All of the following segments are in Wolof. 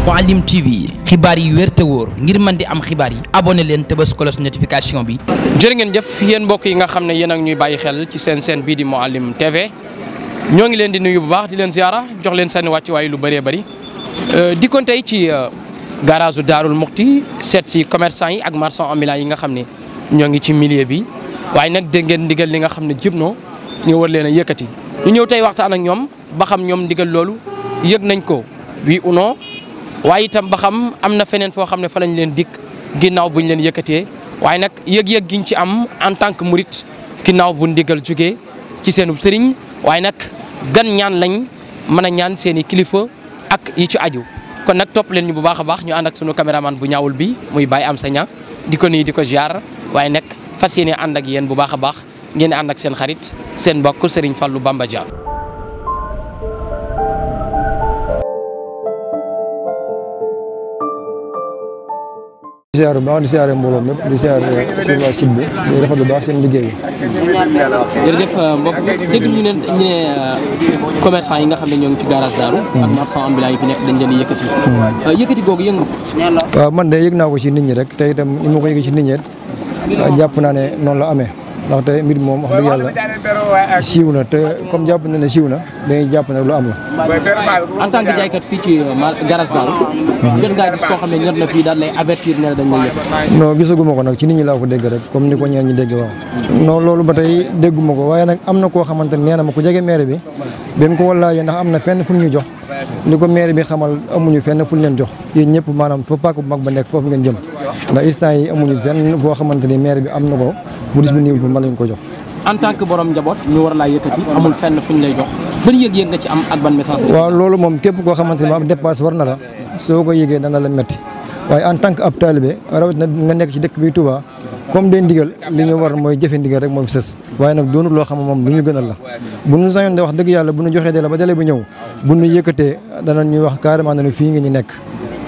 Mouhalim TV xibaar yi wér te wóor ngir mën di am xibaar yi abonné leen te bës cloche bi. jërë ngeen jëf yéen mbokk yi nga xam ne yéen ak ñuy bàyyi xel ci seen seen bii di Mouhalim TV ñoo ngi leen di nuyu bu baax di leen ziara jox leen seen wàccuwaay lu bëree bëri euh, di kon tey ci euh, garage Daarul Muxti seet si commerçant yi ak marchand ambulant yi nga xam ne ñoo ngi ci millier bi waaye nag dégg ngeen ndigal li nga xam ne jib noo ñu war leen a yëkkati ñu ñëw tey waxtaan ak ñoom ba ñoom ndigal loolu yëg nañ ko waaye itam ba xam am na feneen foo xam ne fa lañ leen dikk ginnaaw buñ leen yëkkatee waaye nag yëg-yëg giñ ci am en tant que murit ginnaaw bu ndigal jógee ci seenub sëriñ waaye nag gan ñaan lañ mën a ñaan seeni kilifa ak yi ci ajo kon nag topp leen ñu bu baax a baax ñu ànd ak sunu caméraman bu ñaawul bi muy Baye Amsa Niang di ko nii di ko ziar waaye nag fas yéene ànd ak yéen bu baax a baax ngeen ànd ak seen xarit seen mbokk Serigne fallu Bamba Dia ziar bu baax di ziare di ziare suñu waa site bi di rafetlu baax euh, euh, yi nga xam ne ñoo ngi ci hmm. hmm. euh, yëkkati googu yëngu waaw man de yëg naa ko ci nit ñi rek te itam ni ma ko yëg ci nit ñi jàpp naa ne la amee ndaxte mbir moom wax dëgg yàlla siiw na te comme jàpp na ne siiw na dañuy jàpp ne lu am la. en tant que jaaykat fii ci euh, garage daal. Mhm. jot koo xam ne ñor na fii daal lay avertir ne dañ lay yëpp. non gisaguma ko nag ci nit ñi laa ko dégg rek comme ni ko ñeen ñi dégg waaw. non loolu ba tey dégguma ko waaye nag am na koo xamante ne nee na ma ku jege maire bi. bi mu ko wallaayee ndax am na fenn fu ñu jox ni ko maire bi xamal amuñu fenn fu ñu leen jox yéen ñëpp maanaam fa pàkk bu mag ba nekk foofu ngeen jëm ndax instant yi amuñu fenn xamante ni maire bi am na ko bu dis bu niwul bi ko jox en tant que borom njaboot ñu war laa yëkkati amul fenn fu ñu lay jox ban yëg-yëg nga ci am ak ban message waaw loolu moom képp koo xamante ni ab dépasse war na la soo ko yëgee dana la metti waaye en tant que ab taalibe rawat na nga nekk ci dëkk bi Touba comme day ndigal li ñu war mooy jëfe ndigal rek moo fi sës waaye nag doonul loo xam ne moom lu ñu gënal la bu ñu sañoon de wax dëgg yàlla bu ñu joxee dee la ba dale bu ñëw bu ñu yëkkatee danañ ñuy wax carrément ne fii nga ñu nekk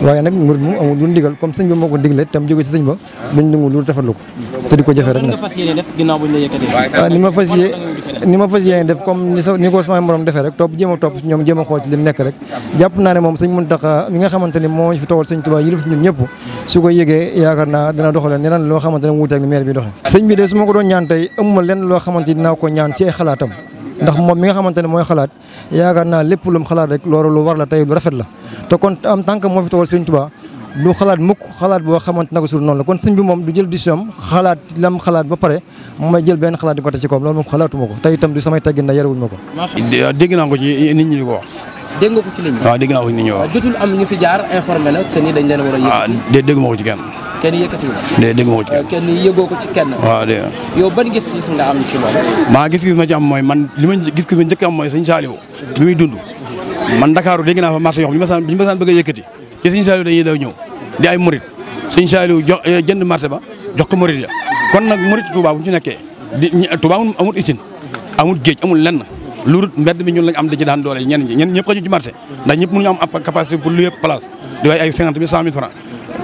waaye nag murid moom amul lu ndigal comme sëñ ba moo ko digle tam jóge ci sëñ ba duñ nangu lu rafetlu ko te di ko jëfee rek nag waaw ah, ni ma fas yée ni ma fas yéene def comme ni sa ni ko sama morom defee rek topp jéem a topp ñoom jéem a xool ci li nekk rek jàpp naa ne moom sëñ Muntaxa mi nga xamante ni moo fi tawal sëñ Tuubaa yilif ñun ñëpp su ko yëgee yaakaar naa dana doxalee neneen loo xamante ne wuuteeg ni maire bi doxee sëñ bi de su ma ko doon ñaan tey amuma lenn loo xamante dinaa ko ñaan ci ay xalaatam ndax moom mi nga xamante ne mooy xalaat yaakaar naa lépp lu mu xalaat rek loolu lu war la tey lu rafet la te kon en tant que moo fi tawal Sëriñ Tuubaa du xalaat mukk xalaat boo xamante naka suul noonu la kon sëñ bi moom du jël décision am xalaat lam xalaat ba pare mooy jël benn xalaat di ko teg ci kawam loolu moom xalaatuma ko te itam du samay teggin na yarewuñ ma ko naa ko ci nit ñi di dégg nga ko ci ligne bi. waaw dégg naa ko ci ligne bi waaw. Euh, jotul am ñu fi jaar informé la que ni dañ leen war a ah, yëkkati. ah dé dégg ma ko ci kenn. kenn yëkkati la. dé dégg ma ko ci euh, kenn. kenn yëgoo ko ci kenn. waaw dégg nga. yow ban gis-gis nga am ci loolu. maa gis-gis ma ci am mooy man li ma gis-gis ma njëkk am mooy sëñ Saliou. bi muy dund. man Dakar dégg naa fa marché yoo xam bi ma saan bi ma saan bëgg a yëkkati ci sëñ Saliou dañuy daw ñëw di ay murit sëñ Saliou jox euh, jënd marché ba jox ko murit ya kon nag murit Touba bu ñu ci nekkee di Touba amul amul itin amul géej amul lenn lu mbedd mi ñun lañ am dañ ci daan doole ñenn ñi ñenn ñëpp xaju ci marché ndax ñëpp mënuñu am ab capacité pour lu yëpp place di waay ay cinquante mille cent mille franc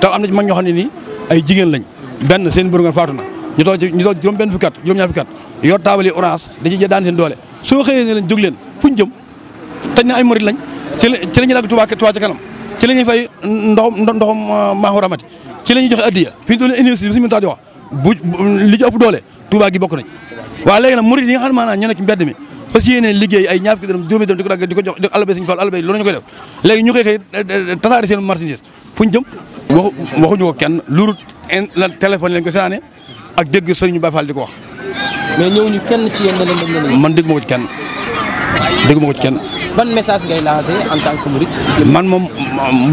te am na ci mag ñoo xam ne nii ay jigéen lañ benn seen bërëngal faatu na ñu toll ci ñu toll juróom benn fukki at juróom ñaar fukki at yor taabal yi orange da ci daan seen doole soo xëyee ne leen jóg leen fuñ jëm tañ na ay morit lañ ci ci la ñuy dagg Touba Touba ci kanam ci la ñuy fay ndoxum ndoxum euh, maaxu ramati ci la ñuy joxe addiya fi ñu doon université bi suñu mëntaa di wax bu li ci ëpp doole Touba gi bokk nañ waaw léegi nag murit yi nga xam ne maanaam ñu nekk ci mbedd mi fas yéene liggéey ay ñaar fukki dërëm juróomi dërëm di ko dagg di ko jox di ko albay Sëñ Fall albay ñu koy def eh, eh, eh, ko kenn luurut la téléphone lañ ko seetaane ak dégg sëriñ Baye Fall di ko wax la man dégg moo ko ci kenn dégg ma ko ci kenn ban message ngay lancé en tant que murit man moom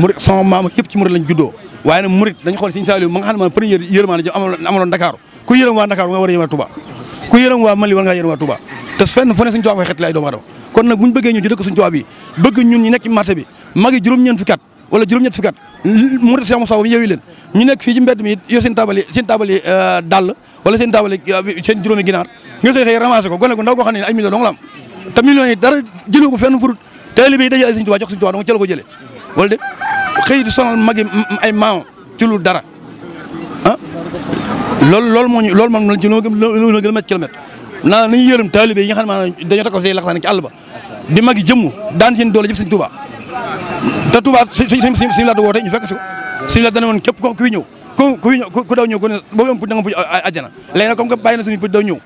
murit sama maam yëpp ci murit lañ juddoo waaye nag murit dañ xool Sëñ Saliou ma nga xam ne man première yërëmaa ne amaloon ku yërëm waa Dakar nga war a yërëm ku yërëm waa Mali war ngaa yërëm waa Touba te fenn fu ne suñu tubaab koy xet lay doomu adama kon nag buñu bëggee ñun ci dëkk suñu tubaab bëgg ñun ñu nekk ci bi magi juróom-ñeent fukki at wala juróom-ñett fukki at mu ret sama saw yeewi leen ñu nekk fii ci mbedd mi it yor seen tabali seen tabali euh, dàll wala seen tabali euh, seen juróomi ginaar nga xëy xëy ramassé ko gone ko ndaw koo xam ne ay millions dong la am te dara jëlee ko fenn pour taalibe yi dajale suñu tubaab jox suñu tubaab dong ci ko jëlee wala de xëy di sonal magi ay maam ci dara ah loolu loolu loolu man ci loo a kilomètre naa nañu yërëm taalibe yi nga xam ne maanaam dañoo takko tey laxasaan ci àll ba di magi jëmm daan seen doole jëf sëñ Touba te Touba sëñ Laat woote ñu fekk si ko dana woon képp ko ku fi ñëw ku ku daw ñëw ku ne boobu am puj da nga puj àjjana léegi nag na suñu puj daw ñëw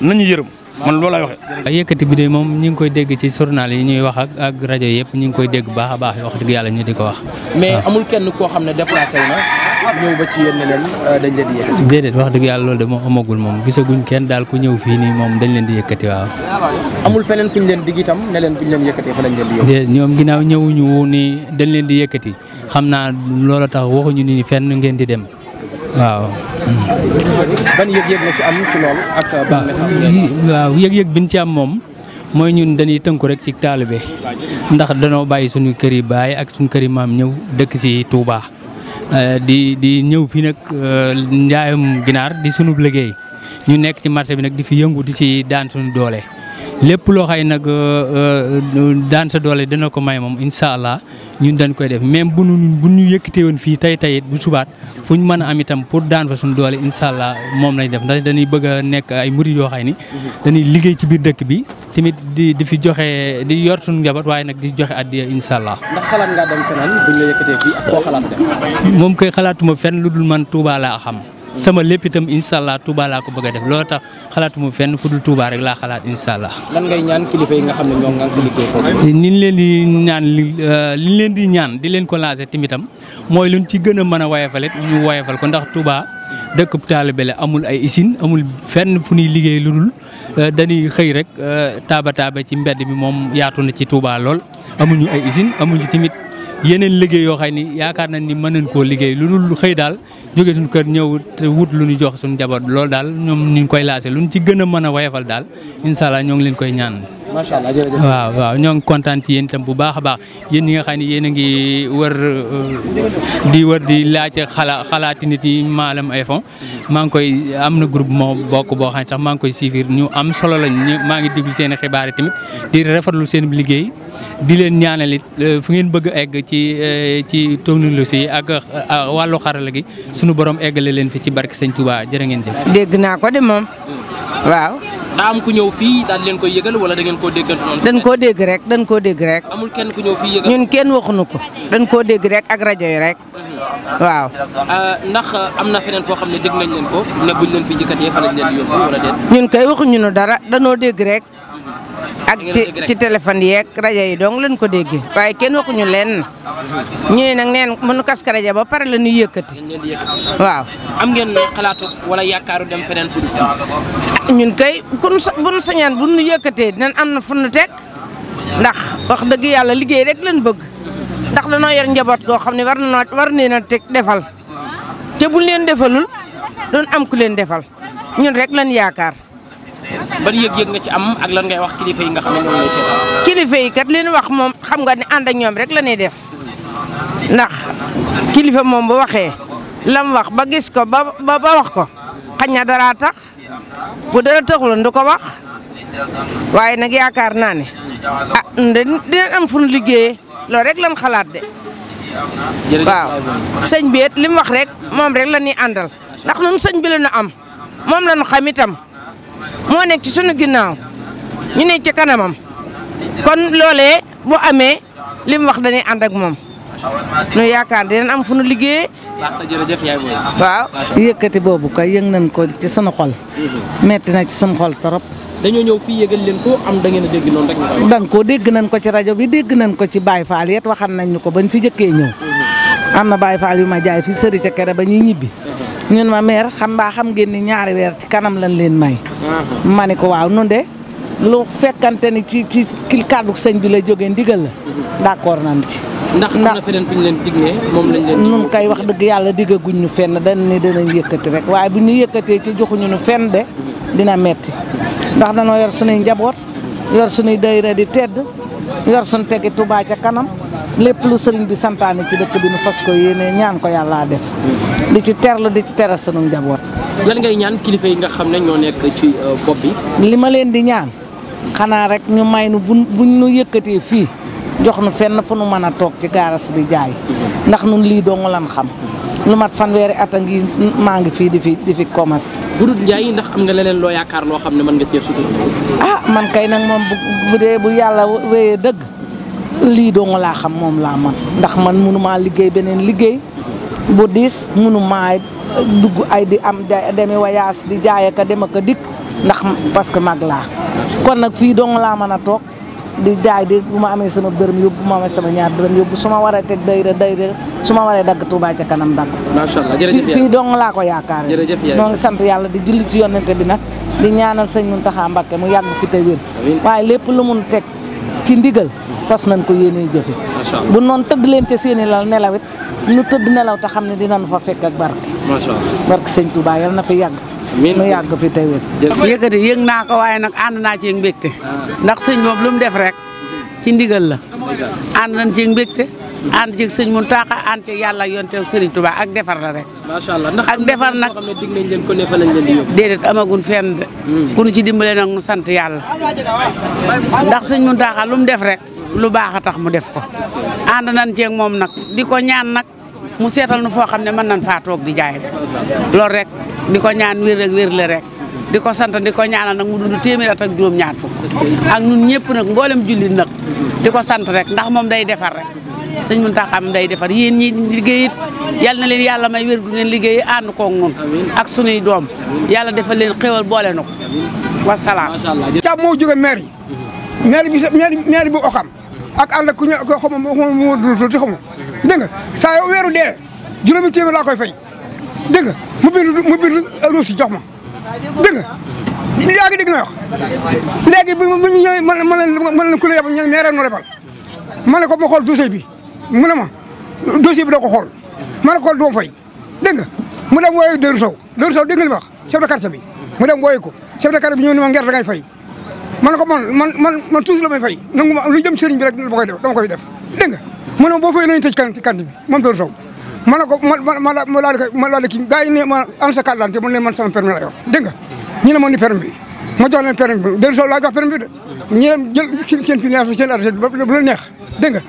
nañu yërëm man loolu lay waxee. yëkkati bi de moom ñu ngi koy dégg ci journal yi ñuy wax ak ak rajo yëpp ñu ngi koy dégg baax a baax wax dëgg yàlla ñu di ko wax. mais amul kenn koo xam ne déplacé wu na ñëw ba ci yéen leen euh, dañ di yëkkati. wax dëgg yàlla de moom amagul moom gisaguñ kenn daal ku ñëw fii nii moom dañ leen di yëkkati waaw. amul feneen fuñ leen digg itam ne leen buñ leen yëkkatee fa lañ di yóbbu. déedéet ñoom ginnaaw ñëwuñu nii dañ leen di yëkkati xam naa loola tax waxuñu ni fenn ngeen di dem waaw ban yëg-yëg nga ci am ci loolu ak ban message waaw yëg-yëg bi ñu ci am moom mooy ñun dañuy tënku rek ci taalibe ndax danoo bàyyi suñu kër yi baay ak suñu kër yi maam ñëw dëkk si Touba. Euh, di di ñëw fii nag euh, njaayum ginaar di sunub liggéey ñu nekk ci marché bi nag di fi yëngu di si daan suñu doole. lépp loo xay nag euh, euh, daan sa doole dina ko may moom incha allah ñun dañ koy def même bu nu bu ñu yëkkatee woon fii tey tey bu subaat fu ñu mën a am itam pour daan fa suñu doole incha allah moom lañ def ndax dañuy bëgg nekk ay murid yoo xay ni dañuy liggéey ci biir dëkk bi tamit di di fi joxe di yor suñu njaboot waaye nag di joxe addiya incha allah. ndax xalaat ngaa dem feneen koy xalaatuma fenn lu dul man Touba xam. sama lépp itam incha allah Touba laa ko bëgg a def loolu tax xalaatuma fenn fu dul Touba rek laa xalaat incha allah. lan ngay ñaan nga xam ne ni leen di ñaan li euh, leen di ñaan di leen ko lancé timitam mooy lu luñ ci gën a mën a woyofalit ñu woyofal ko ndax Touba dëkkub taalibe la amul ay usine amul fenn fu ñuy liggéey lu dul euh, dañuy xëy rek euh, taaba taaba ci mbedd bi moom yaatu na ci Touba lool amuñu ay usine amuñu timit yeneen liggéey yoo xam ni yaakaar nañ ni mën nañ koo liggéey lu dul xëy daal jóge suñu kër ñëw te wut lu ñu jox suñu jabar loolu daal ñoom ñu ngi koy laase lu ñu ci gën a mën a wayafal daal incha allah ñoo ngi leen koy ñaan macha allah jërëjëf waaw waaw ñoo ngi kontaan ci yéen bu baax a baax yéen ñi nga xam ne yéen a ngi war euh, di wër di laaj xala xalaati nit yi maalam ay fond maa ngi koy am na groupe moo bokk boo xam ne sax maa ngi koy suivre ñu am solo lañ maa ngi déglu seen xibaar yi tamit di rafetlu seen liggéey di leen ñaanal it euh, fu ngeen bëgg egg ci euh, ci technologie yi ak wàllu xarala gi sunu borom eggale leen fi ci barke Sëñ Touba jërë ngeen jëf. dégg naa ko de moom daa am ku ñëw fii daal leen koy yëgal wala da ngeen koo déggante noonu. dañ koo dégg rek dañ koo dégg rek. amul kenn ku ñëw ñun kenn waxuñu ko dañ koo dégg rek ak rajo yi rek mhm. waaw. Euh, ndax euh, am na feneen foo xam ne dégg nañ leen ko ne buñ leen fi njëkkat yee fa lañ leen ñun dara danoo dégg rek. ak ci ci téléphone yeeg rajo yi dong lañ ko déggee waaye kenn ñu leen ñu ne nag neen mënu kaska rajo ba pare la ñuy yëkkati waaw am ngeen xalaatu wala yaakaaru dem feneen ñun kay kun buñ soñaan buñ nu yëkkatee dinañ am na fu nu teg ndax wax dëgg yàlla liggéey rek lan bëgg ndax danoo yor njaboot goo xam ne war na war nee na teg defal te buñ leen defalul doon am ku leen defal ñun rek lañ yaakaar ban yëg-yëg nga ci am ak lan ngay wax kilifa yi nga xam ne ñoom lay kilifa yi kat li ñu wax moom xam nga ni ànd ñoom rek la ñuy def ndax kilifa moom ba waxee lam wax ba gis ko ba wax ko xañ na dara tax bu dara taxuloon du ko wax waaye nag yaakaar naa ne ah dinañ am fu ñu liggéeyee loolu rek lan xalaat de. waaw sëñ bi it li mu wax rek moom rek la ñuy àndal ndax ñun sëñ bi la am moom la xam itam moo nekk ci sunu ginnaaw ñu ne ci kanamam kon loolee boo amee li mu wax dañuy ànd ak moom nu yaakaar dinañ am fu nu liggéeyee. waaw. yëkkati boobu kay yëng nañ ko ci sunu xol. metti na ci sunu xol trop. dañoo ñëw fii yëgal leen ko dégg dan ko dégg nañ ko ci rajo bi dégg nañ ko ci Baye faal yet waxan nañ ñu ko bañ fi jëkkee ñëw. am na baay Fall yu ma jaay fii sëri ca kere ba ñuy ñibbi. ñun ma mère xam mbaa xam ngeen ni ñaari weer ci kanam lañ leen may. Uh-huh. ma ne ko waaw nun de lu fekkante ni ci ci kii kàddu sëñ bi la jógee ndigal la. Uh-huh. d'accord nañ ci. ndax na feneen fi ñu leen kay wax dëgg yàlla diggaguñ ñu fenn dañ ne danañ yëkkati rek waaye bu ñu yëkkatee ci joxuñu nu fenn de dina metti ndax danoo yor suñuy njaboot yor suñuy dayra di tedd yor suñu tegi tubaa ca kanam. lépp lu sëriñ bi santaane ci dëkk bi nu fas ko yéene ñaan ko yàllaa def di ci terlu di ci teral sunu njaboot. lan ngay ñaan kilifa yi nga xam ne ñoo nekk ci euh, bopp bi. li ma leen di ñaan xanaa rek ñu may nu bu buñ nu yëkkatee fii jox nu fenn fu nu mën a toog ci gaaras bi jaay ndax nu lii dong lan xam lu mat fanweeri at a ngi maa ngi fii di fi di fi commerce. bu dul njaay ndax am nga leneen loo yaakaar loo xam ne mën nga cee sutura. ah man kay nag moom bu dee dëgg. lii dong laa xam moom laa man ndax man mënumaa liggéey beneen liggéey bu diis mënumaa dugg ay di am demi wayaas di jaay ak dem ak a dikk ndax parce que mag laa kon nag fii dong laa mën a toog di jaay di bu ma amee sama dërëm yóbbu ma amee ñaar dërëm yóbbu su ma waree teg dayra dayra su ma waree dagg Touba ca kanam dagg. fii dong laa ko yaakaar noo ngi sant yàlla di julli ci yonente bi nag di ñaanal sëñ Mountakha Mbacké mu yàgg fi te wér waaye lépp lu mun teg ci ndigal fas nañ ko yéenee jëfe bu noon tëdd leen ca seeni lal nelawit ñu tëdd nelaw te xam ne dinañ fa fekk ak barke barke sëñ Touba yal na fi yàgg nu yàgg fi te wér yëkkati yëg naa ko waaye nag ànd naa ci mbégte ah. ndax sëñ moom lu mu def rek ci ndigal la ànd nañ ci ànd ci sëñ Muntaxa ànd ci yàlla yonteew Serigne tubaa ak defar la rek. ak defar nag xam ne dig nañ leen ko ne fa lañ leen di yóbbu. de. Hmm. ku ci dimbale nag nu sant yàlla. ndax sëñ Muntaxa lu mu def rek lu baax a tax mu def ko. ànd nañ ceeg moom nag di ko ñaan nag mu seetal nu foo xam ne mën nañ faa toog di jaay loolu rek di ko ñaan wér rek wér di ko sant di ko ñaanal nag mu dund téeméer at ak juróom-ñaar fukk. ak ñun ñëpp nag mboolem jullit nag. di ko sant rek ndax moom day defar sëñ Mountakha am day defar yéen ñii liggéey it yal leen yàlla may wér gu ngeen liggéey ànd koog noonu ak sunuy doom yàlla defal leen xéwal boole na ko wasalaam. càmm moo jóge maire yi maire bi sa maire bu Ouakam ak ànd ak ku ñu ko xamul moo dul te xamul dégg nga saa yoo weeru dee juróomi téeméer laa koy fay dégg mu bind mu bind ruus jox ma dégg nga yaa ngi dégg na wax léegi bi mu ñëwee mën na mën na ku la yebal ñeneen maire nu ma ne ko ma xool dossier bi. mu ne ma dossier bi doo ko xool ma ne ko xool du ma fay dégg nga mu dem wooyu Dóor Sow Dóor Sow dégg li ma wax chef de bi mu dem wooyu ko chef de quartier bi ñëw ne ma ngerte ngay fay ma ne ko man man man fay nangu lu jëm sëriñ bi rek dama koy def dama koy def mu ne ma boo fay nañu tëj kanti kanti bi moom Dóor Sow ma ne ko ma ma ma laal ko ma laal kii gars yi ma ne man sama permis la yor dégg nga ñu ne ma ni permis bi ma jox leen permis bi Dóor Sow laa ñu dem jël seen finance seen argent ba bu la neex dégg nga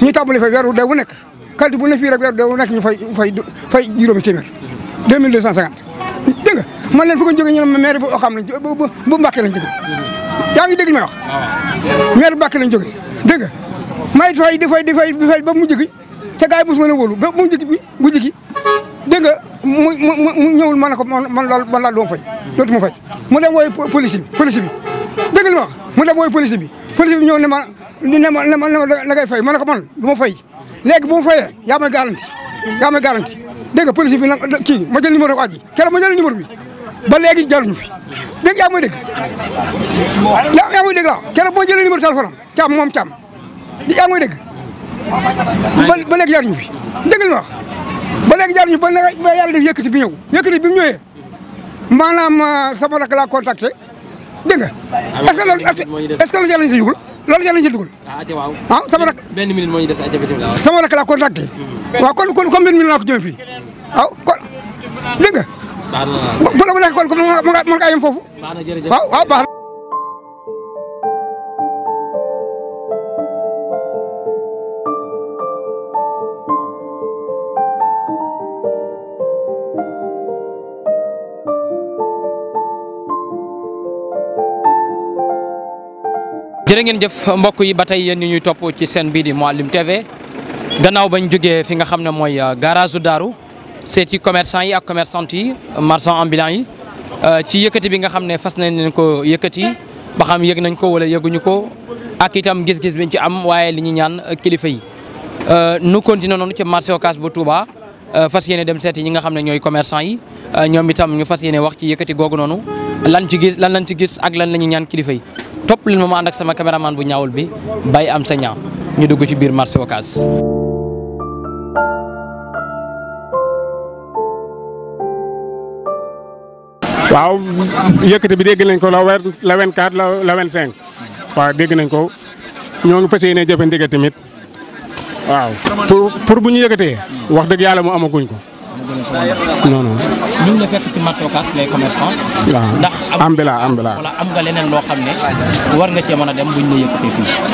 ñu tàmbali fay weeru deewu nekk qualité bu ne fii rek weeru deewu nekk ñu fay fay fay juróomi téeméer deux mille deux cent cinquante dégg nga man leen fu ko jógee ñu ne ma maire bu Ouakam lañ bu bu Mbàkke lañ jógee yaa ngi dégg li may wax maire Mbàkke lañ jógee dégg nga may fay di fay di ba mu jigi ca gars yi mos ma la wóolu ba mu jigi bi mu jigi dégg nga mu mu ñëwul la ne ko man man loolu man laal doo fay dootuma fay mu dem wooy police bi police bi dëgg li ma wax mu dem mooy police bi police bi ñëw ne ma ne ma ne ma da ngay fay ma ne ko man du ma fay léegi bu ma fayee yaa may garanti yaa may garanti dégg nga police bi nag kii ma jël numéro waa ji keroog ma jël numéro bi ba léegi jaruñu fi dégg yaa may dégg yaa yaa may dégg laa keroog boo jëlee numéro téléphone am caam moom caam yaa may dégg ba ba léegi jaruñu fi dëgg li ma wax ba léegi jaruñu ba nag yàlla def yëkkati bi ñëw yëkkati bi mu ñëwee maanaam euh, sama rak laa contacté dégg nga est-ce que loolu est-ce que loolu yàlla ñu si dugul loolu yàlla ñu si dugul ah, ah sama rak sama rak laa contacté mm-hmm. waaw kon kon combien minute ko jëme fii waaw ah, kon dégg nga bu la bu nekk kon mën foofu waaw waaw jërë ngeen jëf mbokk yi ba tey yéen ñi ñuy topp ci seen bii di Mouhalim TV gannaaw bañ jógee fi nga xam ne mooy euh, garage daaru seeti commerçant yi ak commerçante yi marchand ambulant yi euh, ci yëkkati bi nga xam ne fas nañ leen ko yëkkati ba xam yëg nañ ko wala yëguñu ko ak itam gis-gis biñ ci am waaye li ñu ñaan euh, kilifa yi. nu continué noonu ci marché Ocass bu Touba fas yene dem seeti ñi nga xam ne ñooy commerçant yi ñoom itam ñu fas yéene wax ci yëkkati googu noonu lan ci gis lan lañ ci gis ak lan la ñu ñaan kilifa yi. topp leen ma ànd ak sama caméraman bu ñaawul bi Baye am sa ñaaw ñu dugg ci biir marché Ocass waaw yëkkati bi dégg nañ ko la weer la 24 la la 25 waaw dégg nañ ko ñoo ngi fas yéene jëfe ndigal tamit waaw pour bu ñu yëkkatee wax dëgg yàlla mu amaguñ ko. non non. ñu ngi la fekk ci marché Ocass les commerçants. waaw ndax am bi laa am bi laa a dem buñ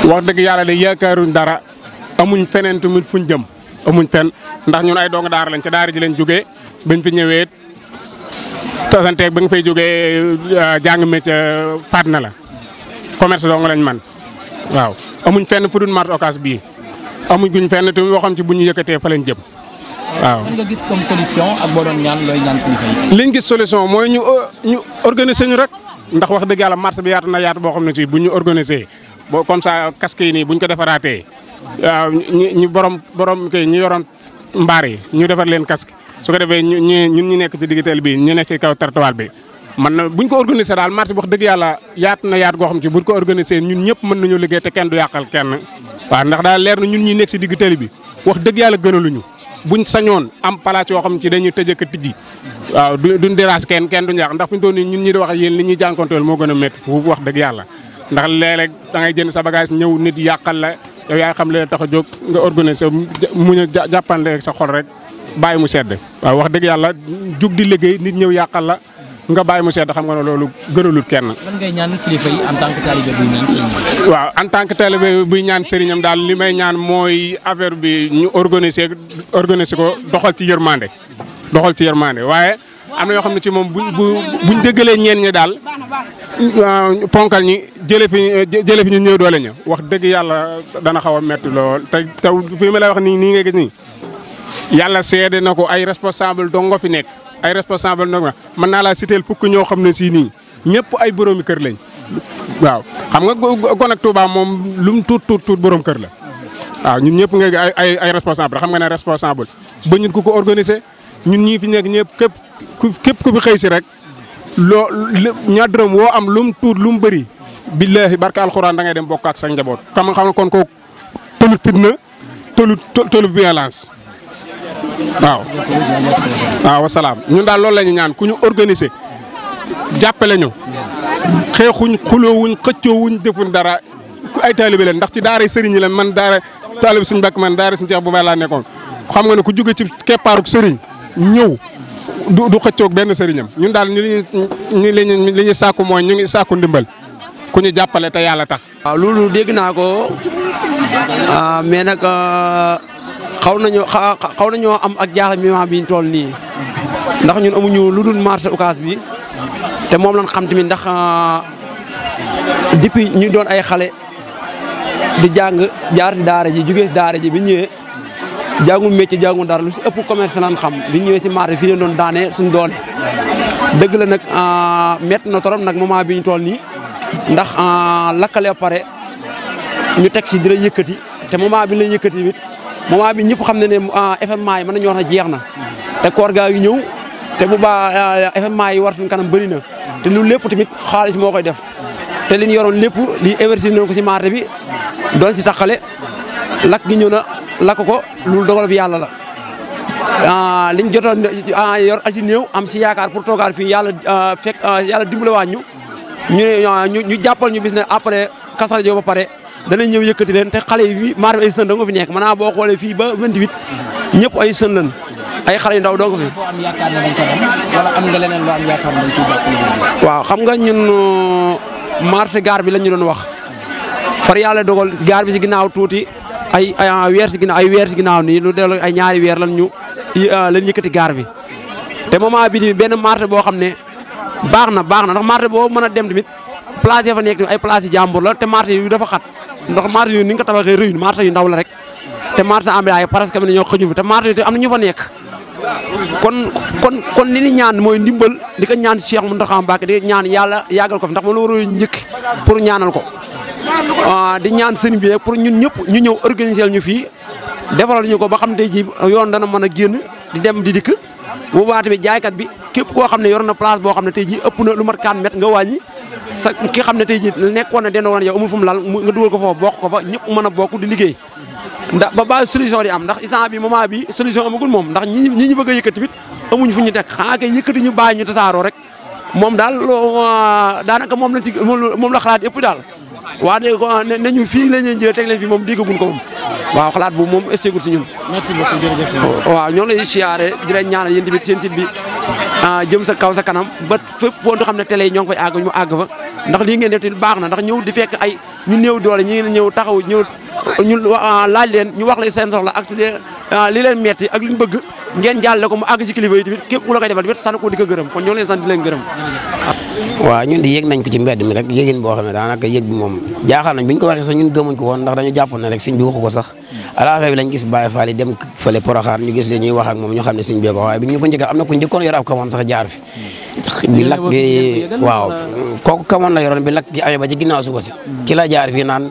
wax dëgg yàlla de yaakaaruñ dara amuñ feneen tamit fuñ jëm amuñ fenn ndax ñun ay dong daara lañ ca daara ji lañ bañ fi ñëwee tasanteeg ba nga fay euh, jàng métier na la commerce dong lañ man waaw amuñ fenn fu dul marché Ocass bii amuñ guñ fenn tamit boo xam ci bu ñu yëkkatee fa lañ jëm. waaw nga gis comme solution ak boo doon ñaan looy ñaan liñ gis solution mooy ñu euh, ñu organiser ñu rek ndax wax dëgg yàlla marché bi yaatu na yaatu boo xam ne si bu ñu organiser boo comme ça casque nii bu ñu ko defaraatee waaw ñu borom borom kay ñu yoroon mbaar yi ñu defar leen casque su ko defee ñu ñun ñu nekk ci digital bi ñu nekk ci kaw trottoir bi. man na buñ ko organiser daal marché bi wax dëgg yàlla yaatu na yaatu goo xam ci buñ ko organiser ñun ñëpp mën nañoo liggéey te kenn du yàqal kenn. waaw ndax daal leer na ñun ñi nekk ci digg bi wax dëgg yàlla gënaluñu buñ sañoon am place yoo xam ci dañuy tëj ak tijji waaw duñ déranger kenn kenn du ñaax ndax fi ñu toll nii ñun ñi di wax yéen li ñuy jànkonteel moo gën a métti foofu wax dëgg yàlla ndax léeg-léeg da jënd sa bagage ñëw nit yàqal la yow yaa xam leen tax a jóg nga organiser mu ñu jàppande sa xol rek baay mu sedd waaw wax dëgg yàlla jug di liggéey nit ñëw yàqal la nga bàyyi mu sedd xam nga ne loolu gënalut kenn. lan en tant que talibé buy waaw en tant que talibé buy ñaan sëriñam daal li may ñaan mooy affaire bi ñu organiser organiser ko doxal ci yërmande doxal ci yërmande waaye am na yoo xam ne ci moom buñ bu buñ déggalee ñeen ñi daal ponkal ñi jëlee fi jëlee fi ñu ñëw doole ña wax dëgg yàlla dana xaw a metti lool te taw fi lay wax nii nii nga gis nii yàlla seede na ko ay responsable dongo fi nekk. ay responsable nag ma mën naa laa citeel fukk ñoo xam ne si nii ñëpp ay boroomi kër lañ waaw xam nga kon ak Touba moom lu mu tuut tuut tuut borom kër la waaw ñun ñëpp nga ay ay ay responsable xam nga ne responsable ba ku ko organisé ñun ñii fi nekk ñëpp képp ku képp ku fi xëy si rek loo ña dërëm woo am lu mu tuut lu mu bëri billaahi barka alxuraan da ngay dem bokk ak sa njaboot. xam xam nga kon kooku tëlu fitna tëlu tëlu violence. waaw waaw ñun daal lool la ñu ñaan ku ñu organiser jàppale ñu xeexuñ xuloowuñ xëccoowuñ defuñ dara ku ay taalibe leen ndax ci daara sëriñ yi la man daara taalibe suñu bakk man daara suñu ceex bu may laa nekkoon xam nga ne ku jóge ci keppaaruk sëriñ ñëw du du xëccoog benn sëriñam ñun daal ñu ñu li ñu ñu mooy ñu ngi sàkku ndimbal ku ñu jàppale te yàlla tax. waaw loolu dégg naa ko ah, mais ah, xaw nañoo xaw nañoo am ak jaaxle moment bi ñu toll nii ndax ñun amuñu lu dul marché Ocass bi te moom lan xam tamit ndax euh, depuis ñu doon ay xale di jàng jaar si daara ji jugee si daara ji bi ñëwee jàngul métier jàngul dara lu si ëpp commerce lañ xam bi ñëwee si marché fi leen doon daanee suñu doole. dëgg la nag euh, métti na torop nag moment bi ñu toll nii ndax euh, lakkale pare ñu teg si di la yëkkati te moment bi la yëkkati it. moment bi ñëpp xam ne ne ah, événement yi mën nañu wax ne jeex na te koor gaa yi ñëw te bu baa ah, événement yi war suñu kanam bëri na te lu lépp tamit xaalis moo koy def te li ñu yoroon lépp li investir nañ ko si marché bi doon si taxale lakk gi ñëw na lakk ko lu dogal bi yàlla la ah, liñ jotoon yor asi néew am si yaakaar pour toogaal fii yàlla fekk yàlla dimbale waat ñu ñu ñu jàppal ñu bis ne après Kazu Rajab ba pare danañ ñëw yëkkati leen te xale yi maar bi ay sën danga fi nekk mana boo xoolee fii ba 28 ñëpp ay sën lañ ay xale yu ndaw doo ko fi. nga leneen waaw xam nga ñun euh, marché gaar bi lañ ñu doon wax far yàlla dogal gaar bi si ginnaaw tuuti ay ay ah, weer si ginnaaw ay weer si ginnaaw nii lu delloo ay ñaari weer lan ñu euh, lan yëkkati gaar bi te moment bi nii benn marché boo xam ne baax na baax na ndax marché boo mën a dem tamit place ya fa nekk ay place yu jàmbur la te marché yu dafa xat. ndax marché yooyu ni nga ko tabaxee réyun marché yu ndaw la rek te marché ambulant yi parce que a na ñoo xëjul fi te marché yooyu am kon kon kon li ni ñaan mooy ndimbal di ko ñaan Cheikh Mountakha Mbacké di ñaan yàlla yàggal ko ndax ma la war pour ñaanal ko ah, di ñaan sëñ bi pour ñun ñëpp ñu ñëw organiser ñu fii defaral ñu ko ba xam ne tey ji yoon dana mën a génn di dem di dikk bu baax jaay kat bi képp koo xam ne yor na place boo xam ne tey ji ëpp na lu mat 4 mètres nga wàññi sa xam ne tey jii nekkoon na dendoo woon yow amul fu mu lal nga dugal ko foofu bokk ko fa ñëpp mën a bokk di liggéey ndax ba ba solution di am ndax instant bi moment bi solution amagul moom ndax ñi ñi ñu bëgg a yëkkati amuñ fu ñu teg xanaa kay yëkkati ñu bàyyi ñu tasaaroo rek moom daal daanaka moom la ci moom la xalaat yëpp daal waa ne ko ah, ne ñu fii la ñuy jëlee teg leen fi moom déggaguñ ko moom waaw xalaat bu moom estegul si ñun. merci beaucoup jërëjëf. waaw ñoo ngi lay siyaare di leen ñaanal yéen tamit seen site bi ah, jëm sa kaw sa kanam ba fépp foo xam ne tele yi ñoo ngi fay àgg ñu àgg fa ndax lii ngeen def tamit baax na ndax ñëw di fekk ay ñu néew doole ñi ngeen ñëw taxaw ñëw ñu ah, laaj leen ñu wax la seen soxla ak ah, li leen metti ak li ñu bëgg ngeen jàlle mi rek boo xam ne daanaka yëg bi moom jaaxal nañ bi ñu ko waxee sax ñun gëmuñ ko woon ndax dañu jàpp ne rek sëñ bi waxu ko sax alaafee bi lañ gis Baye Fall yi dem fële Porokhane ñu gis leen ak moom ñu xam ko waaye bi na ku njëkkoon bi lakk gi waaw kooku gi amee suba si ki jaar fi naan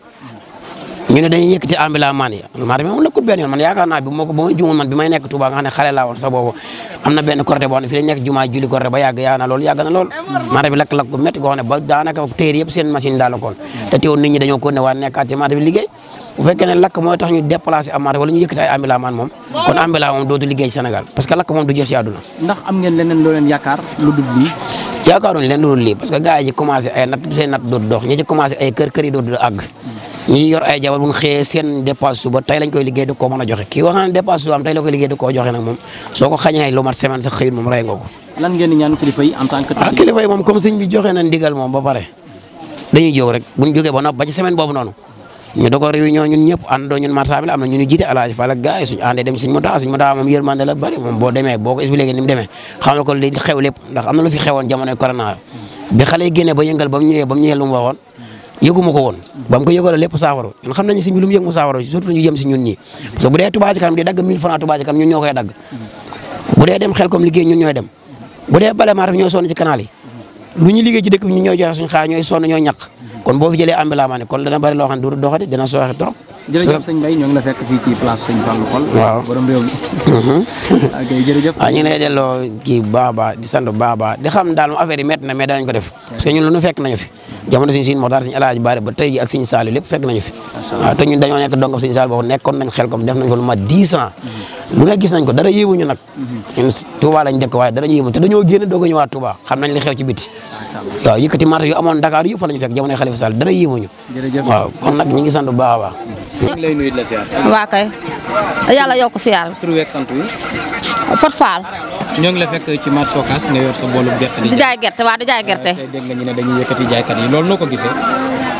ñu ne dañuy yëkkati ambila maan yi maa moom nekkul benn yoon man yaakaar naa bi ma ko ba ma juumoon nekk Touba xale laa woon sa am na benn korte boo xam ne fi lañ nekk jumaa julli korte ba yàgg yaa lool maa bi lakk-lakk gu métti moom kon ambila moom dootu liggéey Sénégal parce que lakk moom du jël si àdduna ndax am ngeen leneen loo leen lu dul lii yaakaaruñ leen lu dul parce que gars yi ci ay nat seen nat dootu dox ñi ci commencé ay kër kër yi dootu ñi yor ay jabar bu ñu xëyee seen dépense suba tey lañ koy liggéey da koo mën a joxe kii wax na ne koy liggéey da koo joxe nag moom soo ko xañee lu mat semaine sax xëyul moom ah, ba pare dañuy jóg rek bu ñu ba nopp ba bari moom boo demee boo ko expliqué ni mu demee xamal ko xew lépp ndax am na lu fi xewoon jamonoy corona bi xale yi génnee ba yëngal ba mu ñëwee ba yëguma ko woon ba mu ko yëgala lépp saafaro ñun xam nañu si lu mu yëg mu saafaro surtout ñu yëm si ñun ñi parce que bu dee Touba Kanam di dagg 1000 francs Touba Kanam ñoo koy dagg bu xel comme liggéey ñun ñooy dem bu dee balema tamit ñooy sonn ci canal yi ñu liggéey ci dëkk bi ñun ñooy joxe suñu xaar ñooy sonn ñooy ñàq kon boo fi jëlee ambulance ne kon dana bëri loo xam ne du doxati dina sooxe trop jërëjëf sëñ Mbaye ñoo ngi la fekk mhm. ah, ñu ngi lay delloo kii baaba di sant baaba di xam daal affaire yi métti na mais danañ ko def parce que ñun lu ñu fekk nañu fi jamono suñu siin moxtaar suñu alaaji baare ba tey ji ak suñu saalu lépp fekk nañu fi waaw te ñun dañoo nekk dongam suñu saal boobu nekkoon nañ xel comme def nañ fa lu ma 10 ans lu ne gis nañ ko nag mhm. ñun Touba lañ dara yéemuñu te dañoo génn doog a ñëwaat Touba xam nañ dara yéemuñu waaw nag ñu ngi sant baax a baax la waa kay yàlla yokk siyaar tur weeg sant fekk ci marché Ocass nga jaay gerte waa di jaay gerte loolu nu ko gisee.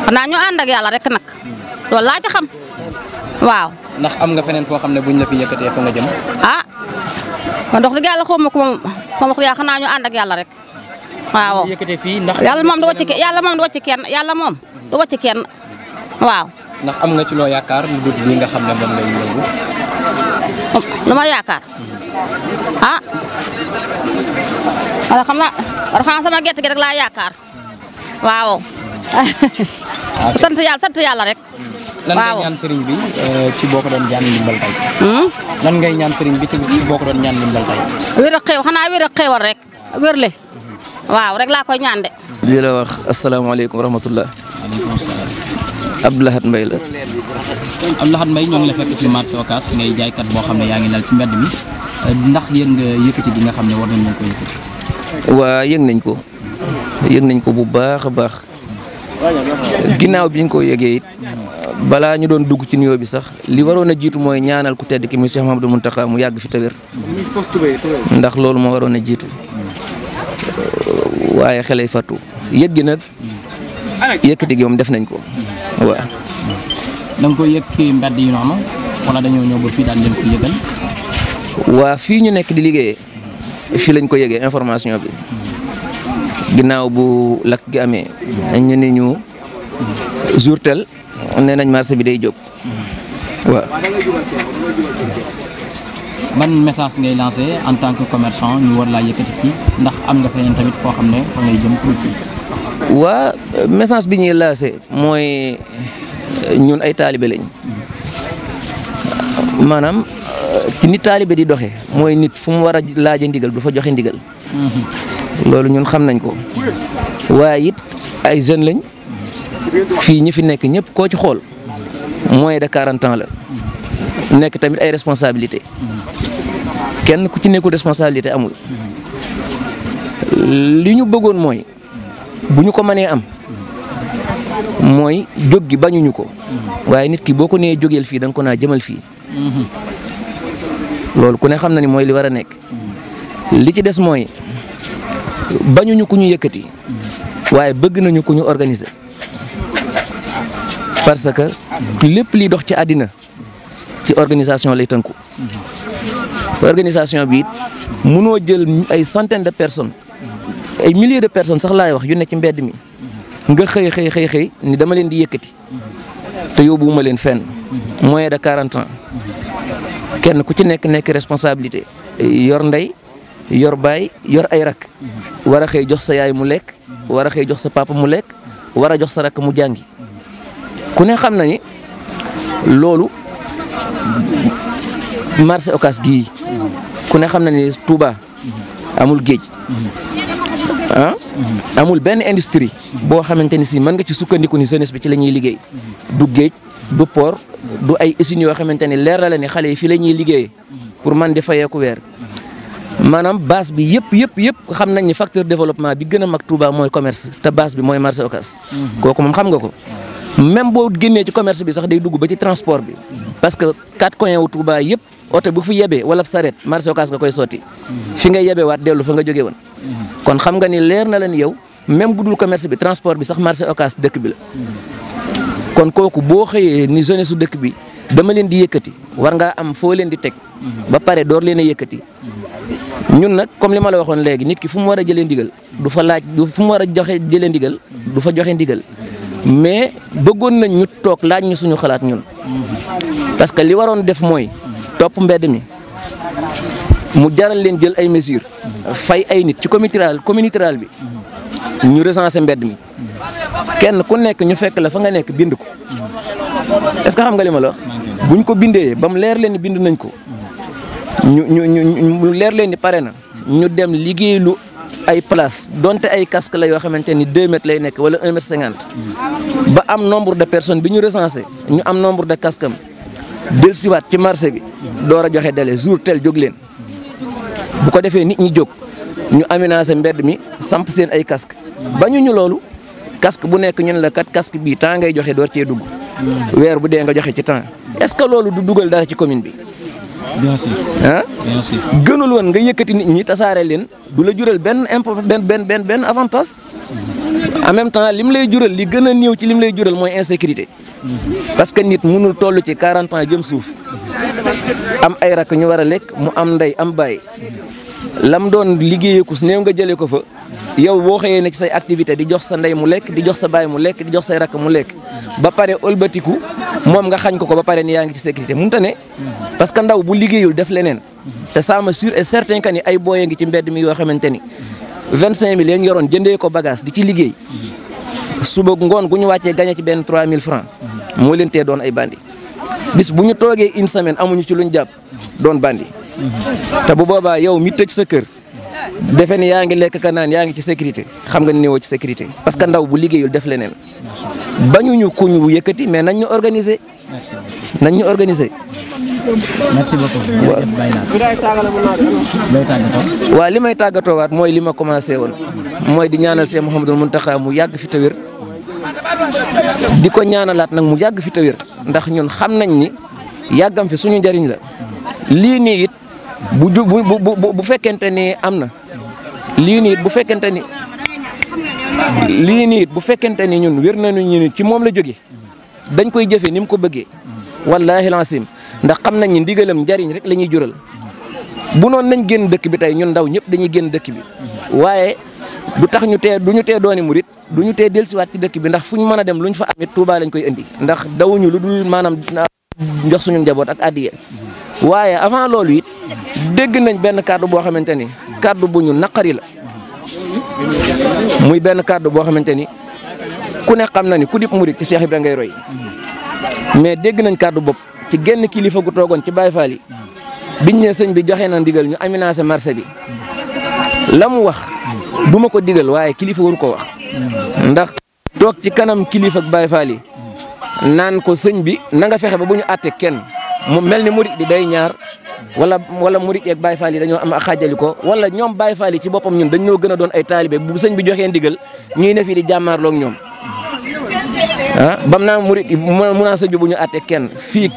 xanaa ñu ànd ak yàlla rek nag loolu laa ci xam waaw. ndax am nga feneen foo xam ne buñ la fi yëkkatee fa nga jëm. ah ndox di dëgg yàlla xaw ma ko moom moom wax dëgg ànd ak yàlla rek. waaw yëkkatee fii ndax. yàlla moom du yàlla moom du wàcc kenn yàlla moom du wàcc ken waaw. ndax am nga ci loo yaakaar lu dul lii nga xam ne moom lañ yëngu. lu ma yaakaar ah. wala xam naa war sama gerte gi rek laa yaakaar. waaw. sant yàlla sant yàlla rek. lan ngay ñaan sëriñ bi eh, ci boo ko doon hmm? lan ngay ñaan sëriñ bi ci boo ko doon ñaan ndimbal tey. wér ak xew xanaa wér ak xewal rek wér mhm. waaw rek laa koy ñaan de. di wax asalaamaaleykum wa rahmatulah. waaleykum salaam. Abdou Lahad la. Abdou Lahad mbay ñoo ngi la fekk ci marché Ocass ngay jaaykat boo xam ne yaa ngi lal ci mbedd mi eh, ndax yéen nga yëkkati bi nga xam ne war na leen ko yëkkati. waa yëg nañ ko yëg nañ ko bu baax a baax ginnaaw bi ñu ko yégee balaa ñu doon dugg ci niyoo bi sax li waroon a jiitu mooy ñaanal ku tedd ki muy Cheikh Mamadou Mountakha mu yàgg fi tawér ndax loolu moo waroon a jiitu waaye xelay fàttu yëg gi nag yëkkati gi moom def nañ ko waaw. da koy yëg ci mbedd yi noonu ko yëgal. waa fii ñu nekk di liggéeyee fii lañ ko yëgee information bi. ginnaaw bu lakk gi amee ñu ne ñu jour tel nee nañ marché bi day jóg waaw. ban message ngay lancé en tant que commerçant ñu war laa yëkkati fii ndax am nga feneen tamit foo xam ne fa ngay jëm pour fii. waa bi ñuy lancé mooy ñun ay lañ maanaam ci ni di doxe mooy nit fu mu war a laaje ndigal du fa joxe ndigal. loolu ñun xam nañ ko waaye it ay jeunes lañ fii ñi fi nekk ñëpp koo ci xool moins de quarante ans la nekk tamit ay responsabilité kenn ku ci nekkul responsabilité amul li ñu bëggoon mooy bu ñu ko mënee am mooy jóg gi bañuñu ko waaye nit ki boo ko nee jógeel fii da ko naa jëmal fii mhm. loolu ku ne xam na ni mooy li war a nekk li ci des mooy bañuñu ku ñu yëkkati waaye bëgg nañu ko ñu organiser parce que lépp liy dox ci àddina ci organisation lay tënku organisation bi it mënoo jël ay centaine de personnes ay milliers de personnes sax laay wax yu ne ci mbedd mi nga xëy xëy xëy ni dama leen di yëkkati te yóbbuwuma leen fenn moyen de 40 ans kenn ku ci nekk nekk responsabilité yor ndey yor baay yor ay rak war a xëy jox sa yaay mu lekk war a xëy jox sa papa mu lekk war a jox sa rakk mu jàngi ku ne xam na ni loolu marché Ocass gii ku ne xam na ni Touba amul géej ah amul benn industrie boo xamante ni si mën nga ci sukkandiku ni jeunesse bi ci lañuy liggéey du géej du poor du ay usines yoo xamante ni leer na la ni xale yi fii la ñuy liggéeyee pour man di fayeeku weer maanaam base bi yëpp yëpp yëpp xam nañ ne facteur développement bi gën a mag Touba mooy commerce te base bi mooy marché Ocass mhm. kooku moom xam nga ko même boo génnee ci commerce bi sax day dugg ba ci transport bi parce que quatre coins wu Touba yëpp oto bu fi yebee wala saret marché Ocass nga koy sotti mhm. fi nga waat dellu fa nga jóge woon mhm. kon xam nga ni leer na leen yow même bu dul commerce bi transport bi sax marché ocas dëkk bi la kon kooku boo xëyee ni su dëkk bi dama leen di yëkkati war ngaa am foo leen di teg ba pare door leen a yëkkati ñun nag comme li ma la waxoon léegi nit ki fu mu war a jëlee ndigal du fa laaj fu mu war a joxe jëlee ndigal du fa joxe ndigal mais bëggoon nañ ñu toog laaj ñu suñu xalaat ñun. parce que li waroon def mooy topp mbedd mi mu jaral leen jël ay mesures fay ay nit ci communauté communauté bi ñu recenser mbedd mi kenn ku nekk ñu fekk la fa nga nekk bind ko est que xam nga li ma la wax. buñ ko bindee ba mu leer leen bind nañ ko. ñu ñu ñu leer leen ni pare na ñu dem liggéey lu ay place donte ay casque la yoo xamante ni deux mètres lay nekk wala un mètre mhm. ba am nombre de personnes bi ñu recensé ñu am nombre de casque am del siwaat ci marché bi door a joxe délai jour tel jóg leen bu ko defee nit ñi jóg ñu aménagé mbedd mi samp seen ay casque ba ñu ñu loolu casque bu nekk ñun la kat casque bii temps ngay joxe door cee dugg mhm. weer bu dee nga joxe ci temps est-ce que loolu du dugal dara ci commune bi bien ah gënul woon nga yëkkati nit ñi tasaare leen du la jural benn impo benn benn benn benn avantage en même temps lim lay jural li gën a néew ci lim lay jural mooy insécurité parce que nit mënul toll ci 40 ans jëm suuf am ay rakk ñu war a lekk mu am ndey am bàyyi lam doon liggéeyeeku si néew nga jëlee ko fa. yow boo xëyee ne ci say activité di jox sa ndey mu lekk di jox sa baay mu lekk di jox say rakk mu lekk ba pare ëlbatiku moom nga xañ ko ko ba pare ni yaa ngi ci sécurité mënta ne parce que ndaw bu liggéeyul def leneen te ça me sûr et certain que ay booyee ngi ci mbedd mi yoo xamante ni vingt cinq mille yoroon jëndee ko bagage di ci liggéey suba ngoon gu ñu wàccee gagné ci benn trois mille francs moo leen tee doon ay bandi bis bu ñu toogee une semaine amuñu ci lu ñu jàpp doon bandi te bu boobaa yow mi tëj sa kër defe ne yaa ngi lekk ka naan yaa ngi ci sécurité xam nga néewoo ci sécurité parce que ndaw bu liggéeyul def leneen bañuñu ku ñu yëkkati mais nañ ñu organisé nañ ñu organiser. merci beaucoup. waaw waaw li may tàggatoowaat mooy li ma commencé woon mooy di ñaanal Cheikh mun Mountakha mu yàgg fi te di ko ñaanalaat nag mu yàgg fi te ndax ñun xam nañ ni yàggam fi suñu njariñ la lii nii it bu bu bu bu fekkente ni am na. lii bu fekkente ni lii nii bu fekkente ni ñun wér nañu ñu ni ci moom la jóge dañ koy jëfee ni mu ko bëggee wallaahi lancim ndax xam nañ ni ndigalam njariñ rek la ñuy jural bu noon nañ génn dëkk bi tey ñun ndaw ñëpp dañuy génn dëkk bi waaye du tax ñu tee du ñu tee dooni murit du ñu tee dellusiwaat ci dëkk bi ndax fu ñu mën a dem lu ñu fa amit Tuubaa lañ koy indi ndax dawuñu lu dul maanaam jox suñu njaboot ak addiya waaye avant loolu it dégg nañ benn kàddu boo xamante ni kàddu bu ñu naqari la muy benn kàddu boo xamante ni ku nekk xam nani ni ku dib murit ci Cheikh Ibra ngay roy mais dégg nañ kàddu bopp ci genn kilifa gu toogoon ci Baye Fall biñ ne sëñ bi joxe na digal ñu aménagé marché bi la mu wax du ma ko digal waaye kilifa waru ko wax ndax toog ci kanam kilifa ak Baye yi naan ko sëñ bi na nga fexe ba bu ñu àtte kenn. mu mel ni murit di day ñaar wala wala murit yeeg Baye Fall yi dañoo am a xaajali ko wala ñoom Baye Fall yi ci boppam ñun dañoo gën a doon ay taalibe bu sëñ bi joxee ndigal ñuy ne fii di jàmmaarloog ñoom ah bam naa murit yi mu naa sëñ bi bu ñu atte kenn fii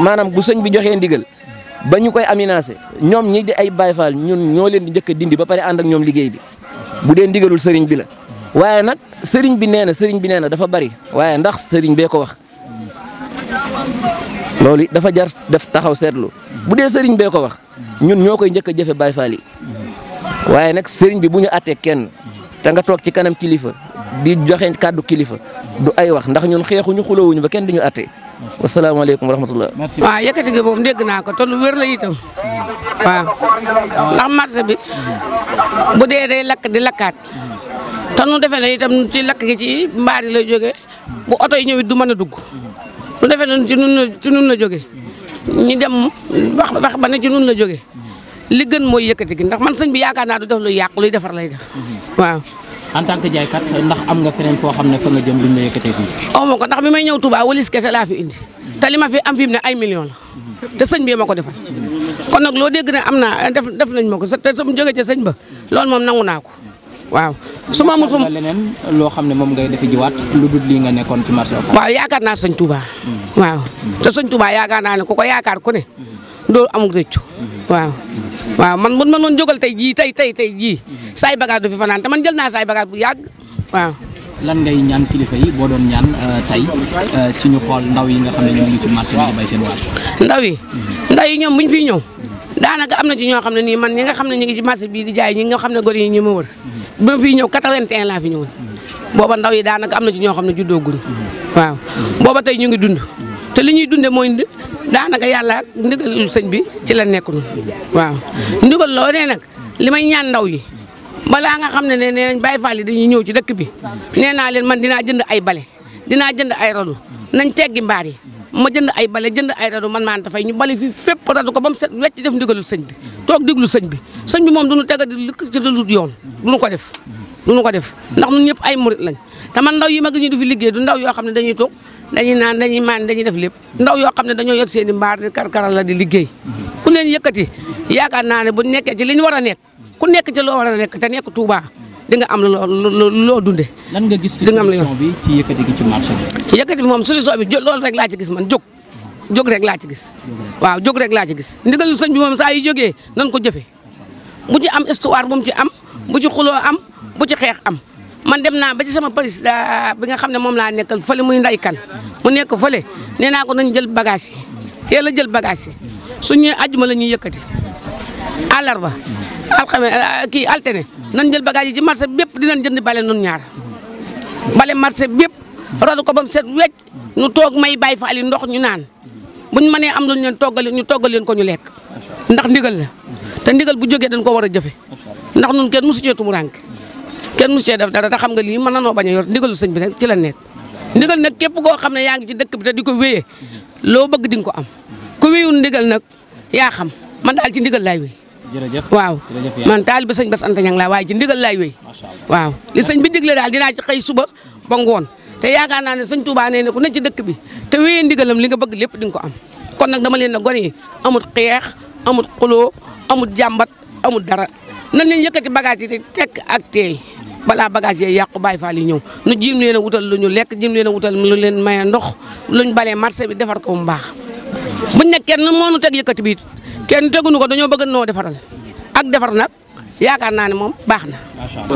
maanaam bu sëñ bi joxee ndigal ba ñu koy aminancé ñoom ñi di ay Baye Fall ñun ñoo leen di jëkk a dindi ba pare ànd ak ñoom liggéey bi bu dee ndigalul sëriñ bi la waaye nag sëriñ bi nee na sëriñ bi nee na dafa bari waaye ndax sëriñ bee ko wax loolu dafa jar def taxaw seetlu bu dee sëriñ bee ko wax ñun ñoo koy njëkk a jëfe Baay Faal waaye nag sëriñ bi bu ñu àttee kenn te nga toog ci kanam kilifa di joxe kàddu kilifa du ay wax ndax ñun xeexuñu xulawuñu ba kenn duñu àttee wasalaamaaleykum wa rahmatullah. waaw yëkkati gi boobu dégg naa ko te lu wér la itam ndax marché bi bu dee day lakk di lakkaat te nu defee na itam ci lakk gi ci mbaari la jógee bu oto yi ñëwit du mën a dugg. mu defee noonu ci nun la ci nun la jóge ñu dem wax wax ba ne ci nun la jóge li gën mooy yëkkati gi ndax man sëñ bi yaakaar naa du def luy yàqu luy defar lay def waaw en tant que jaaykat ndax am nga feneen foo xam ne fa nga jëm luñ la yëkkatee fii aw ma ko ndax bi may ñëw a walis kese laa fi indi te li ma fi am fi ne ay million la te sëñ bee ma ko defar kon nag loo dégg ne am naa def def nañ moo ko te mu jóge ca sëñ ba loolu moom nangu naa ko waaw su ma amul leneen loo xam ne moom ngay defi jiwaat lu dul lii nga nekkoon ci marché Ocass. waaw yaakaar naa sëñ Touba. Hmm. waaw te sëñ Touba yaakaar naa ne ku ko yaakaar ku ne. Hmm. loolu amul rëccu. Hmm. waaw waaw man man ma doon jógal tey jii tey tey tey jii saay bagage du fi fanaan man jël naa saay bagaat bu yàgg waaw. lan ngay ñaan kilifa yi boo doon ñaan euh, tey euh, ci ñu xool ndaw yi nga xam ne ñoo ngi ci marché bi bu ñu fiy ñëw daanaka am na ci ñoo xam ne nii man ñi nga xam ne ñu ngi ci marché bii di jaay ñi nga xam ne gor yi ñu ma wër ba fi ñëw 81 la fi ñëwoon booba ndaw yi daana am na ci ñoo xam ne juddoo guñ waaw booba tey ñu ngi dund te li ñuy dundee mooy daanaka yàlla ndigalul sëñ bi ci la nekk nun waaw ndigal loo nee nag li may ñaan ndaw yi balaa nga xam ne ne nee nañ Baye Fall yi dañuy ñëw ci dëkk bi nee naa leen man dinaa jënd ay bale dinaa jënd ay radu nañ teggi mbaar yi ma jënd ay bale jënd ay radu man maan dafay ñu bale fii fépp radu ko ba mu set wecc def ndigalul sëñ bi toog diglu sëñ bi sëñ bi moom duñu tega di lëkk ci lu dul yoon duñu ko def duñu ko def ndax ñun ñëpp ay murit lañ te man ndaw yi ma gis ñu di fi liggéey du ndaw yoo xam ne dañuy toog dañuy naan dañuy maan dañuy def lépp ndaw yoo xam ne dañoo yor seen i mbaar di karkaral la di liggéey ku leen yëkkati yaakaar naa ne bu nekkee ci li ñu war a nekk ku nekk ci loo war nekk te nekk Touba di nga am loo loo dundee. lan nga gis di nga am solution bi ci yëkkati gi bi. yëkkati bi moom solution bi loolu rek laa ci gis man jóg jóg rek laa ci gis. waaw jóg rek laa ci gis ndigalu sëñ bi moom saa yu jógee nan ko jëfee bu ci am histoire bu mu ci am bu ci xuloo am bu ci xeex am. man dem naa ba ci sama président bi nga xam ne moom laa nekkal fële muy nday kan mu nekk fële nee naa ko nañ jël bagage yi teel a jël bagage yi suñu ajuma la ñuy yëkkati àllarba alxame euh, kii altene nan jël bagage yi ci marché bépp dinañ jënd bale nun ñaar bale marché bépp rodu ko ba mu set wecc ñu toog may bàyyi fa ali ndox ñu naan buñ mënee am luñ leen toggal ñu toggal leen ko ñu lekk ndax ndigal la te ndigal bu jógee dañ ko war a jëfe ndax nun kenn mosu cee tumurànke kenn mosu cee def dara te xam nga lii mën na noo bañ a yor ndigalu sëñ bi rek ci la nekk ndigal nag képp koo xam ne yaa ngi ci dëkk bi te di ko wéyee loo bëgg din ko am ku wéyul ndigal nag yaa xam man daal ci ndigal laay wéy jërëjëf waaw man taaliba sëñ ba Anta Niang laa waaye ji ndigal laay wéy waaw li sëñ bi digle daal dinaa ci xëy suba ba ngoon te yaakaar naa ne sëñ Touba nee na ci dëkk bi te wéyee ndigalam li nga bëgg lépp di ko am kon nag dama leen na gone yi amul xeex amul xuloo amul jàmbat amul dara nan leen yëkkati bagage yi di tekk ak teey balaa bagage yi yàqu Baay Faal yi ñëw nu jiim leen a wutal lu ñu lekk jiim leen a wutal lu leen maye ndox luñ balee marché bi defar ko mu baax buñ ne kenn moonu teg yëkkati bi kenn teguñu ko dañoo bëgg noo defaral ak defar nag yaakaar naa ne moom baax na.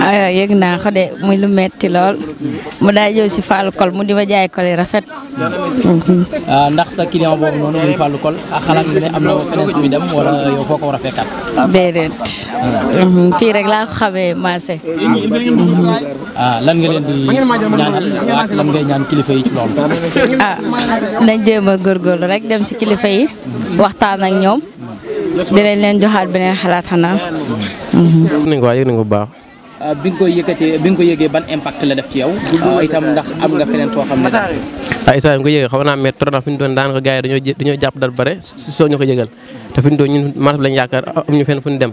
aywa yëg naa ko muy lu metti lool mu daa ñëw si Fallou Col mu di ma jaay col rafet. Ah, ndax sa client boobu noonu muy Fallou ah, xalaat ne am na feneen bi dem wala yow foo ko war a mhm, fii rek laa ko xamee marché. Ah, lan nga leen di ñaan kilifa yi ci loolu. nañ jéem a góorgóorlu rek dem si kilifa yi waxtaan ak ñoom. dinañ leen joxaat beneen xalaat xanaa. yëg nañ ko waaw yëg nañ ko bu baax. Ah, bi nga bi nga ko yëgee ban impact la def ci yow. Ah, itam ndax am nga feneen foo xam ne waaw ah, nga ko xaw naa métti trop ñu doon daanaka gars yi dañoo jàpp dal bare soo ñu ko yëgal te fi ñu doon ñun marché yaakaar am ñu fenn fu ñu dem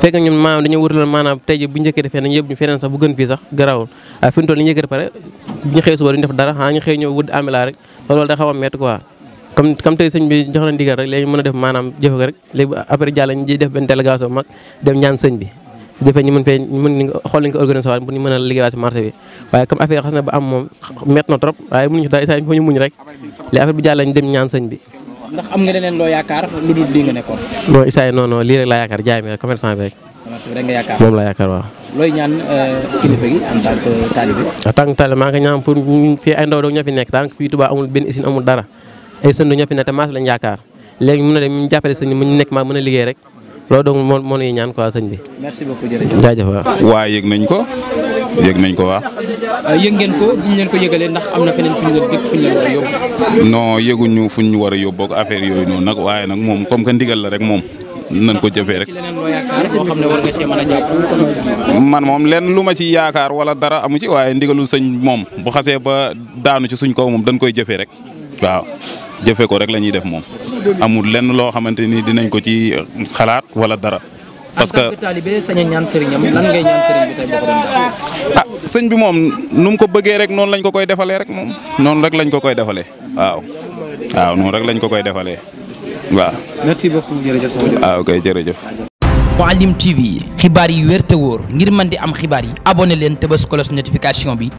fekk ñun maanaam dañoo wutaloon maanaam tey ji bu njëkkee defee nañ yëpp ñu feneen sax bu gën fii sax garawul waaye fi ñu toll li ñu yëkkati ñu xëy suba duñu def dara xanaa ñu xëy ñëw wut amela rek loolu da xaw a métti quoi comme comme tey sëñ bi jox na ndigal rek léegi mën a def maanaam jëfe ko rek léegi après jàll ñu def benn délégation mag dem ñaan sëñ bi su defee ñu mën fee mën ni xool nañ ko organisé a liggéeyaat bi waaye comme na ba am moom met na trop waaye mënuñu dem ñaan sëñ bi ndax am nga leneen loo yaakaar lu dul lii nga nekkoon non isaay non jaay mi rek commerçant bi rek moom laa yaakaar waaw looy ñaan euh, kilifa gi en tant que talibé en tant que talibé pour fii ay ndaw doog ñoo fi nekk daanaka fii Tuubaa amul benn usine amul dara ay sëñ ñoo fi ne te maas lañ yaakaar léegi mu ne de mu jàppale sëñ mu nekk maa mën a liggéey rek loolu donc moo moo ñuy ñaan quoi sëñ bi. merci beaucoup jërëjëf yëg nañ ko yëg nañ ko waaw. Euh, yëg ngeen ko bu ñu ndax am na feneen yëguñu fu ñu war a yóbbu ak yooyu noonu nag waaye nag moom comme que ndigal la rek moom. nañ ko jëfee rek man moom lenn lu ma ci yaakaar wala dara amu ci waaye ndigalul sëñ moom bu xasee ba daanu ci suñ kaw moom dañ koy jëfee rek waaw. jëfe ko rek lañuy def moom amul lenn loo xamante ni dinañ ko ci xalaat wala dara. parce que taalibe sañ bi tey boo ko doon bi moom nu ko bëggee rek noonu lañ ko koy defalee rek moom noonu rek lañ ko koy defalee waaw waaw noonu rek lañ ko koy defalee waaw. merci beaucoup jërëjëf waaw ah, kay jërëjëf. Mouhalim TV xibaar yi wér te wóor ngir mën di am xibaar yi abone leen te bës cloche notification bi